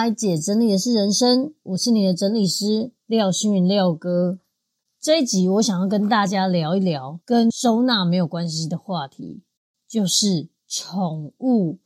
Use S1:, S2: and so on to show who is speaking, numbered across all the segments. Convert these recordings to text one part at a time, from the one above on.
S1: 來解，整理也是人生，我是你的整理師廖心筠，廖哥。這一集我想要跟大家聊一聊跟收納沒有關係的話題，就是寵物。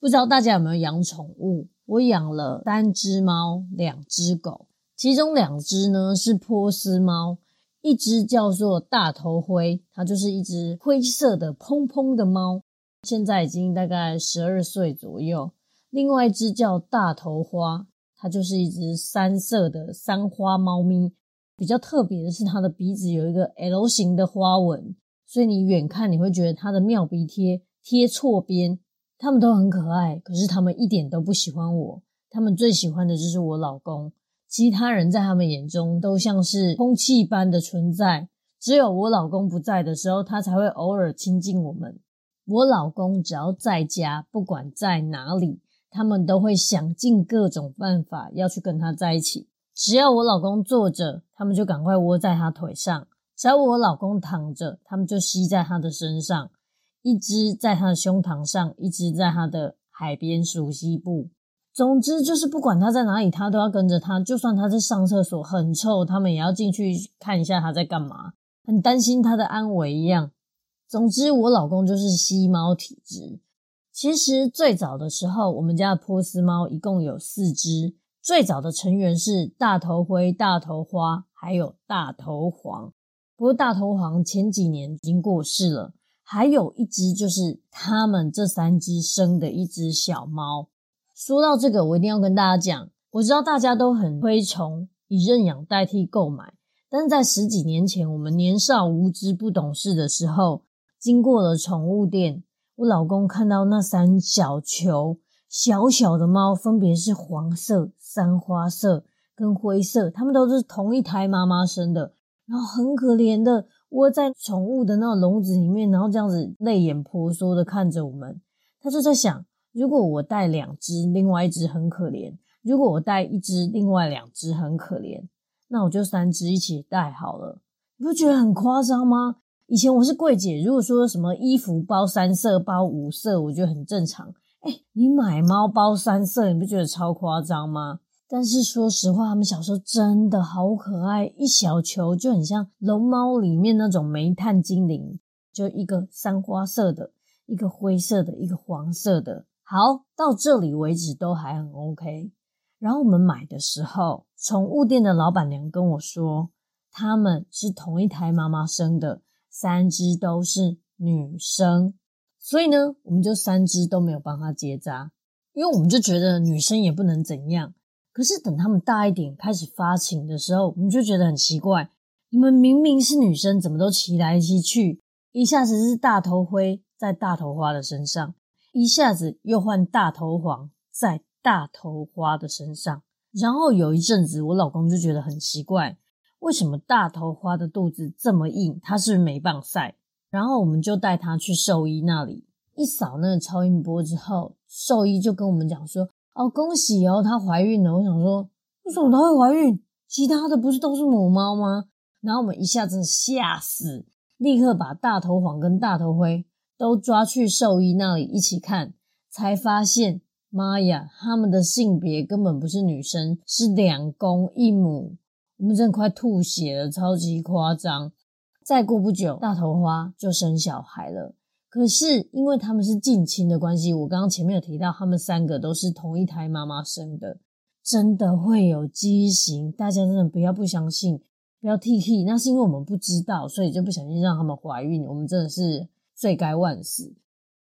S1: 不知道大家有沒有養寵物？我養了三隻貓，兩隻狗，其中兩隻呢是波斯貓，一隻叫做大頭灰，它就是一隻灰色的蓬蓬的貓，現在已經大概十二歲左右。另外一隻叫大頭花，它就是一隻三色的三花貓咪。比較特別的是，它的鼻子有一個 L 型的花紋，所以你遠看你會覺得它的妙鼻貼貼錯邊。它們都很可愛，可是它們一點都不喜歡我。他們最喜歡的就是我老公，其他人在他們眼中都像是空氣般的存在。只有我老公不在的時候，它才會偶爾親近我們。我老公只要在家，不管在哪裡。他們都會想盡各種辦法要去跟他在一起。只要我老公坐着，他們就趕快窩在他腿上；只要我老公躺着，他們就吸在他的身上，一只在他的胸膛上，一只在他的海邊熟悉布。總之就是不管他在哪裡，他都要跟着他。就算他在上廁所很臭，他們也要進去看一下他在幹嘛，很擔心他的安危一樣。總之，我老公就是吸貓體質。其實最早的時候，我們家的波斯貓一共有四隻。最早的成員是大頭灰、大頭花，還有大頭黃。不過大頭黃前幾年已經過世了。還有一隻就是他們這三隻生的一隻小貓。說到這個，我一定要跟大家講，我知道大家都很推崇以認養代替購買，但是在十幾年前，我們年少無知、不懂事的時候，經過了寵物店。我老公看到那三小球小小的貓，分別是黃色、三花色跟灰色，它們都是同一胎媽媽生的，然後很可憐的窩在寵物的那種籠子裡面，然後這樣子淚眼婆娑的看着我們。他就在想，如果我帶兩只，另外一只很可憐；如果我帶一只，另外兩只很可憐，那我就三只一起帶好了。你不覺得很誇張嗎？以前我是櫃姐，如果說什麼衣服包三色包五色，我覺得很正常。哎、欸，你買貓包三色，你不覺得超誇張嗎？但是說實話，他們小時候真的好可愛，一小球就很像《龍貓》裡面那種煤炭精靈，就一個三花色的，一個灰色的，一個黃色的。好，到這裡為止都還很 OK。然後我們買的時候，寵物店的老板娘跟我說，他們是同一胎媽媽生的。三隻都是女生，所以呢，我們就三隻都沒有幫她結紮，因為我們就覺得女生也不能怎樣。可是等他們大一點開始發情的時候，我們就覺得很奇怪，你們明明是女生，怎麼都騎來騎去？一下子是大頭灰在大頭花的身上，一下子又換大頭黃在大頭花的身上。然後有一陣子，我老公就覺得很奇怪。為什麼大頭花的肚子這麼硬？它是不是沒棒賽？然後我們就帶它去獸醫那裡，一掃那個超音波之後，獸醫就跟我們講說：“哦，恭喜哦，她懷孕了。”我想說，為什麼它會懷孕？其他的不是都是母貓嗎？然後我們一下子嚇死，立刻把大頭黃跟大頭灰都抓去獸醫那裡一起看，才發現，媽呀，他們的性別根本不是女生，是兩公一母。我們真的快吐血了，超級誇張！再過不久，大頭花就生小孩了。可是，因為他們是近親的關係，我剛剛前面有提到，他們三個都是同一胎媽媽生的，真的會有畸形。大家真的不要不相信，不要鐵齒。那是因為我們不知道，所以就不小心讓他們懷孕。我們真的是罪該萬死。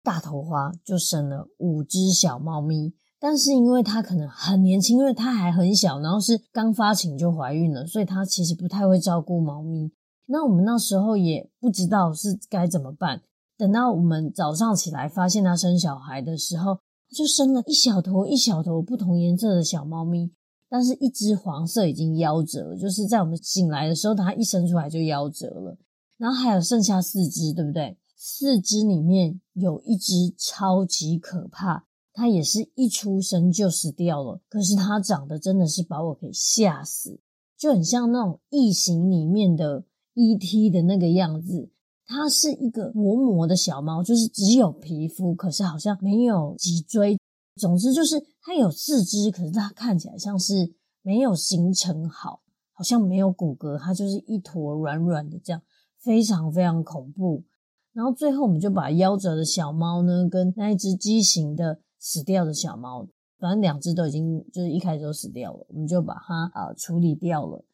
S1: 大頭花就生了五隻小貓咪。但是，因為它可能很年輕，因為它還很小，然後是剛發情就懷孕了，所以它其實不太會照顧貓咪。那我們那時候也不知道是該怎麼辦。等到我們早上起來發現它生小孩的時候，就生了一小坨一小坨不同顏色的小貓咪，但是一隻黃色已經夭折了，就是在我們醒來的時候，它一生出來就夭折了。然後還有剩下四隻，對不對？四隻裡面有一隻超級可怕。它也是一出生就死掉了，可是它長得真的是把我給嚇死，就很像那種異形裡面的 ET 的那個樣子。它是一個薄膜的小貓，就是只有皮膚，可是好像沒有脊椎。總之就是它有四肢，可是它看起來像是沒有形成好，好像沒有骨骼，它就是一坨軟軟的這樣，非常非常恐怖。然後最後我們就把夭折的小貓呢，跟那一隻畸形的。死掉的小貓，反正兩隻都已經就是一開始都死掉了，我們就把它呃處理掉了。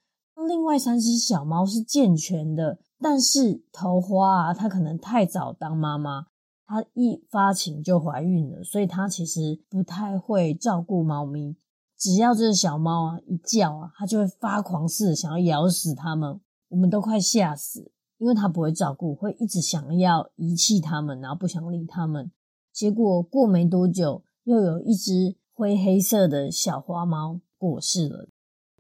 S1: 另外三隻小貓是健全的，但是頭花啊，它可能太早當媽媽，它一發情就懷孕了，所以它其實不太會照顧貓咪。只要這個小貓啊一叫啊，它就會發狂似的想要咬死它們，我們都快嚇死，因為它不會照顧，會一直想要遺棄它們，然後不想理它們。結果過沒多久，又有一隻灰黑色的小花貓過世了。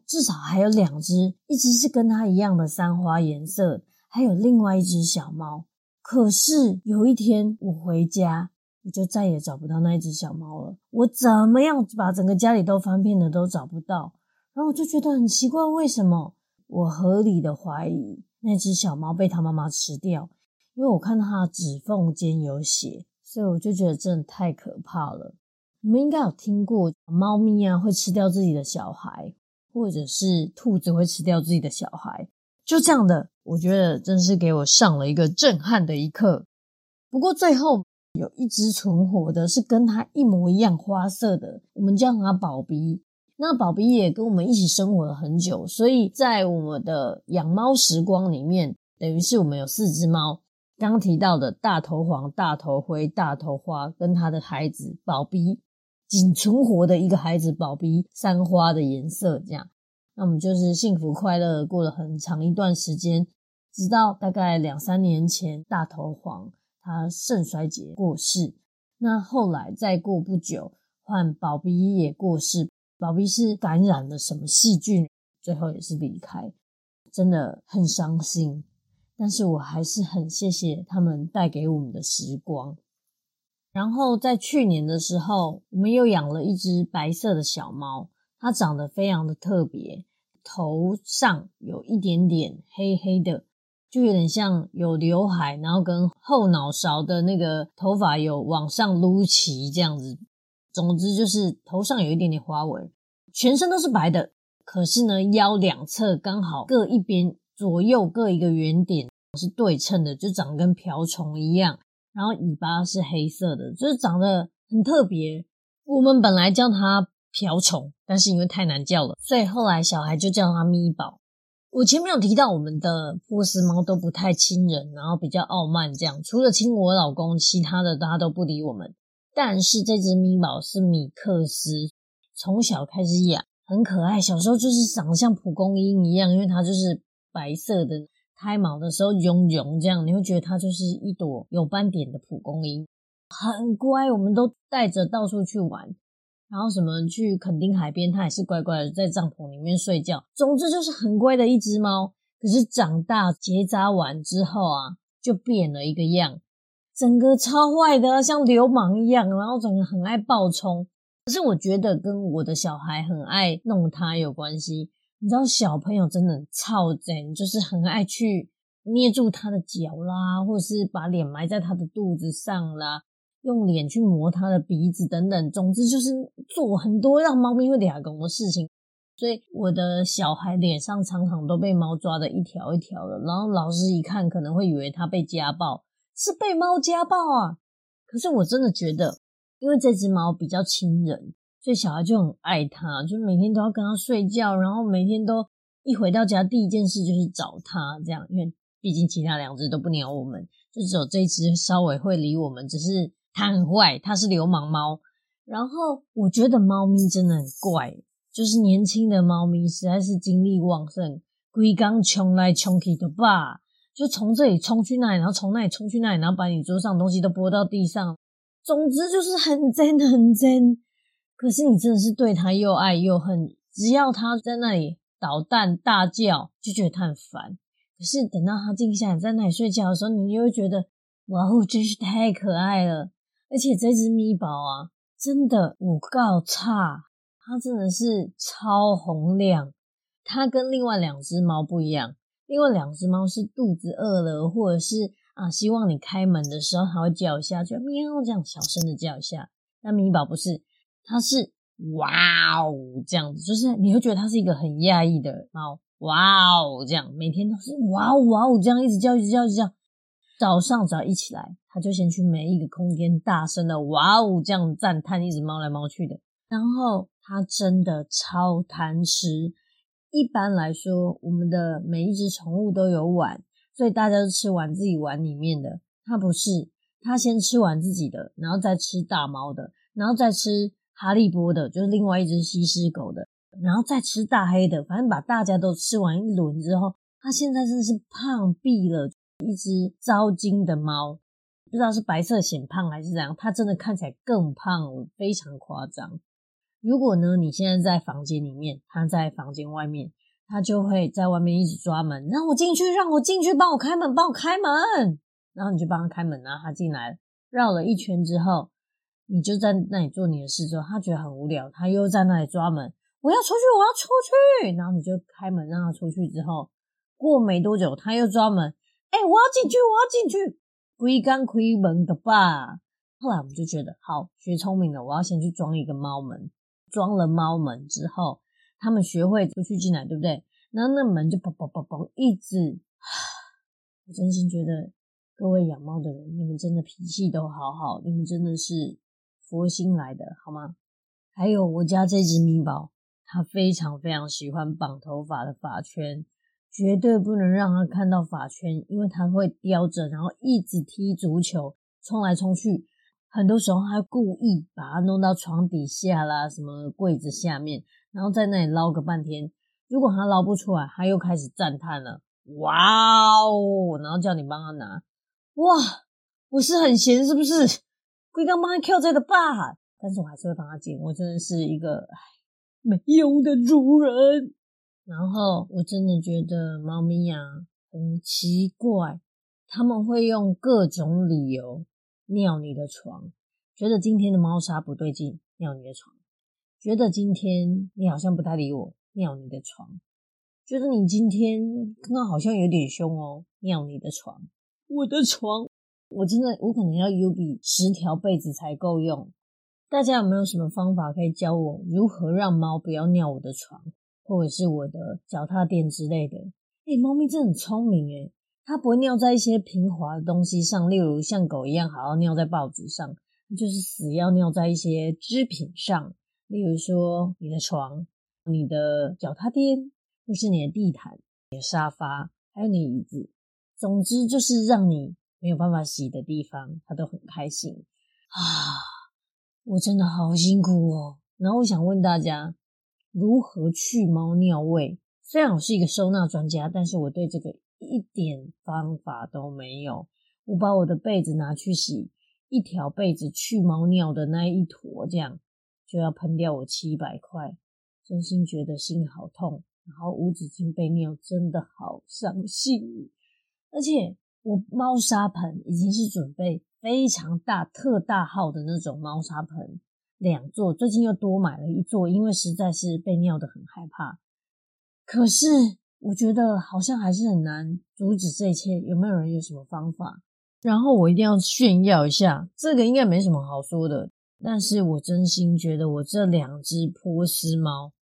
S1: 至少還有兩隻，一隻是跟它一樣的三花顏色，還有另外一隻小貓。可是有一天我回家，我就再也找不到那隻小貓了。我怎麼樣把整個家裡都翻遍了，都找不到。然後我就覺得很奇怪，為什麼？我合理的懷疑那隻小貓被它媽媽吃掉，因為我看到它指縫間有血。所以我就覺得真的太可怕了。你們應該有聽過貓咪啊會吃掉自己的小孩，或者是兔子會吃掉自己的小孩，就這樣的，我覺得真是給我上了一個震撼的一課。不過最後有一只存活的是跟它一模一樣花色的，我們叫它寶鼻。那寶鼻也跟我們一起生活了很久，所以在我們的養貓時光裡面，等於是我們有四只貓。剛提到的大頭黃、大頭灰、大頭花跟他的孩子寶鼻，僅存活的一個孩子寶鼻，三花的顏色這樣。那我們就是幸福快樂過了很長一段時間，直到大概兩三年前，大頭黃他腎衰竭過世。那後來再過不久，換寶鼻也過世。寶鼻是感染了什麼細菌，最後也是離開，真的很傷心。但是我還是很謝謝他們帶給我們的時光。然後在去年的時候，我們又養了一只白色的小貓，它長得非常的特別，頭上有一點點黑黑的，就有點像有劉海，然後跟後腦勺的那個頭髮有往上擼起這樣子。總之就是頭上有一點點花紋，全身都是白的，可是呢，腰兩側剛好各一邊。左右各一個圓點，是對稱的，就長得跟瓢蟲一樣。然後尾巴是黑色的，就是長得很特別。我們本來叫它瓢蟲，但是因為太難叫了，所以後來小孩就叫它咪寶。我前面有提到，我們的波斯貓都不太親人，然後比較傲慢，這樣除了親我老公，其他的它都，都不理我們。但是這只咪寶是米克斯，從小開始養，很可愛。小時候就是長得像蒲公英一樣，因為它就是。白色的胎毛的時候茸茸這樣，你會覺得它就是一朵有斑點的蒲公英，很乖。我們都帶着到處去玩，然後什麼去墾丁海邊，它也是乖乖的在帳篷裡面睡覺。總之就是很乖的一隻貓。可是長大結紮完之後啊，就變了一個樣，整個超壞的啊，像流氓一樣，然後整個很愛暴衝。可是我覺得跟我的小孩很愛弄它有關係。你知道小朋友真的超賊，欸，就是很愛去捏住他的腳啦，或者是把臉埋在他的肚子上啦，用臉去磨他的鼻子等等，總之就是做很多讓貓咪會嗲紅的事情。所以我的小孩臉上常常都被貓抓的一條一條的，然後老師一看可能會以為他被家暴，是被貓家暴啊。可是我真的覺得，因為這只貓比較親人。所以小孩就很愛他，就每天都要跟他睡覺，然後每天都一回到家第一件事就是找他，這樣。因為畢竟其他兩隻都不鳥我們，就只有這隻稍微會理我們，只是它很壞，它是流氓貓。然後我覺得貓咪真的很怪，就是年輕的貓咪實在是精力旺盛，龜剛窮來窮去的吧，就從這裡衝去那裡，然後從那裡衝去那裡，然後把你桌上的東西都撥到地上，總之就是很真很真。可是你真的是對他又愛又恨，只要他在那裡搗蛋大叫，就覺得它很煩。可是等到他靜下來，在那裡睡覺的時候，你又覺得哇哦，真是太可愛了。而且這只咪寶啊，真的五告差，它真的是超洪亮。它跟另外兩只貓不一樣，另外兩只貓是肚子餓了，或者是啊，希望你開門的時候，它會叫一下，就喵這樣小聲的叫一下。那咪寶不是。它是哇哦這樣子，就是你會覺得它是一個很壓抑的貓，哇哦這樣，每天都是哇哦哇哦這樣一直叫,一直叫，一直叫，一直叫。早上只要一起來，它就先去每一個空間大聲的哇哦這樣讚嘆，一直貓來貓去的。然後它真的超貪吃。一般來說，我們的每一只寵物都有碗，所以大家都吃完自己碗裡面的。它不是，它先吃完自己的，然後再吃大貓的，然後再吃。哈利波的，就是另外一隻西施狗的，然後再吃大黑的。反正把大家都吃完一輪之後，它現在真的是胖斃了。一隻招金的貓，不知道是白色顯胖還是怎樣，它真的看起來更胖，我非常誇張。如果呢，你現在在房間裡面，它在房間外面，它就會在外面一直抓門，讓我進去，讓我進去，幫我開門，幫我開門。然後你就幫他開門，然後他進來，繞了一圈之後。你就在那裡做你的事，之後他覺得很無聊，他又在那裡抓門，我要出去，我要出去。然後你就開門讓他出去，之後過沒多久他又抓門，哎、欸，我要進去，我要進去。不一虧門的吧？後來我們就覺得好，學聰明了，我要先去裝一個貓門。裝了貓門之後，他們學會出去進來，對不對？那那門就噗噗噗噗一直。我真心覺得，各位養貓的人，你們真的脾氣都好好，你們真的是。佛心來的，好嗎？還有我家這隻咪寶，他非常非常喜歡綁頭髮的髮圈，絕對不能讓他看到髮圈，因為他會叼着，然後一直踢足球，衝來衝去。很多時候他故意把它弄到床底下啦，什麼櫃子下面，然後在那裡撈個半天。如果他撈不出來，他又開始讚嘆了：“哇哦！”然後叫你幫他拿。哇，我是很閒，是不是？會幫媽跳這的爸，但是我還是會幫他剪。我真的是一個哎，沒用的主人。然後我真的覺得貓咪呀、啊，很奇怪，他們會用各種理由尿你的床，覺得今天的貓砂不對勁，尿你的床；覺得今天你好像不太理我，尿你的床；覺得你今天剛剛好像有點凶哦、喔，尿你的床。我的床。我真的，我可能要有比十條被子才夠用。大家有沒有什麼方法可以教我如何讓貓不要尿我的床，或者是我的腳踏墊之類的？誒、欸、貓咪真的很聰明，誒它不會尿在一些平滑的東西上，例如像狗一樣好好尿在報紙上，就是死要尿在一些織品上，例如說你的床、你的腳踏墊，或是你的地毯、你的沙發，還有你椅子。總之就是讓你。沒有辦法洗的地方，他都很開心啊！我真的好辛苦哦。然後我想問大家，如何去貓尿味？雖然我是一個收納專家，但是我對這個一點方法都沒有。我把我的被子拿去洗，一條被子去貓尿的那一坨，這樣就要噴掉我七百塊，真心覺得心好痛。然後無止境被尿，真的好傷心，而且。我貓砂盆已經是準備非常大，特大號的那種貓砂盆，兩座，最近又多買了一座，因為實在是被尿得很害怕。可是我覺得好像還是很難阻止這一切，有沒有人有什麼方法？然後我一定要炫耀一下，這個應該沒什麼好說的，但是我真心覺得我這兩隻波斯貓，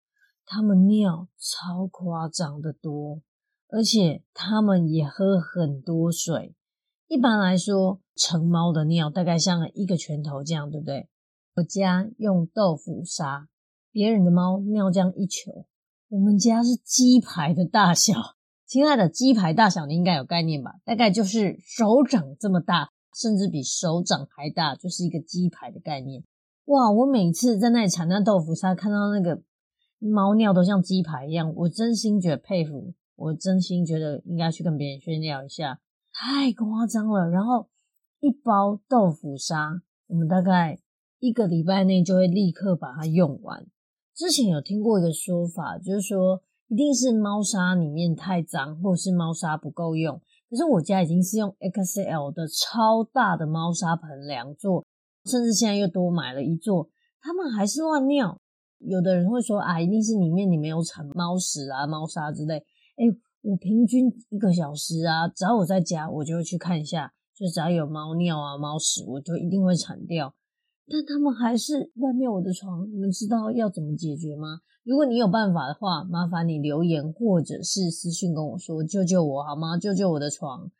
S1: 它們尿超誇張的多。而且他們也喝很多水。一般來說，成貓的尿大概像一個拳頭這樣，對不對？我家用豆腐砂，別人的貓尿這樣一球，我們家是雞排的大小。親愛的，雞排大小你應該有概念吧？大概就是手掌這麼大，甚至比手掌還大，就是一個雞排的概念。哇，我每次在那裡鏟那豆腐沙，看到那個貓尿都像雞排一樣，我真心覺得佩服。我真心覺得應該去跟別人炫耀一下，太誇張了。然後一包豆腐砂，我們大概一個禮拜內就會立刻把它用完。之前有聽過一個說法，就是說一定是貓砂裡面太髒，或者是貓砂不夠用。可是我家已經是用 XL 的超大的貓砂盆兩座，甚至現在又多買了一座，他們還是亂尿。有的人會說啊，一定是裡面你沒有鏟貓屎啊、貓砂之類。哎，我平均一個小時啊，只要我在家，我就會去看一下。就只要有貓尿啊、貓屎，我就一定會鏟掉。但他們還是亂尿我的床，你們知道要怎麼解決嗎？如果你有辦法的話，麻煩你留言或者是私訊跟我說，救救我好嗎？救救我的床。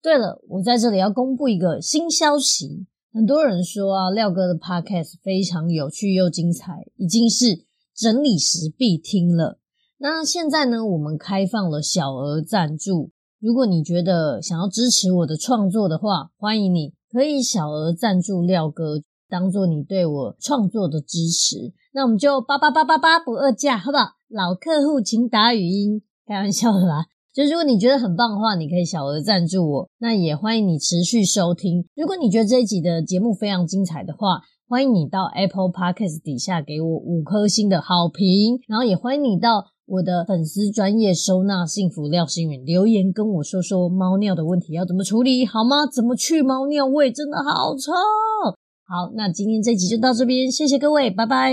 S1: 對了，我在這裡要公布一個新消息，很多人說啊，廖哥的 podcast 非常有趣又精彩，已經是整理時必聽了。那現在呢，我們開放了小額贊助。如果你覺得想要支持我的創作的話，歡迎你可以小額贊助廖哥，當做你對我創作的支持。那我們就八八八八八不二價，好不好？老客戶請打語音，開玩笑啦。就如果你覺得很棒的話，你可以小額贊助我。那也歡迎你持續收聽。如果你覺得這一集的節目非常精彩的話，歡迎你到 Apple Podcast 底下給我五顆星的好評。然後也歡迎你到我的粉絲專業收納幸福廖新芸，留言跟我說說貓尿的問題要怎麼處理好嗎？怎麼去貓尿味真的好臭。好，那今天這一集就到這邊，謝謝各位，拜拜。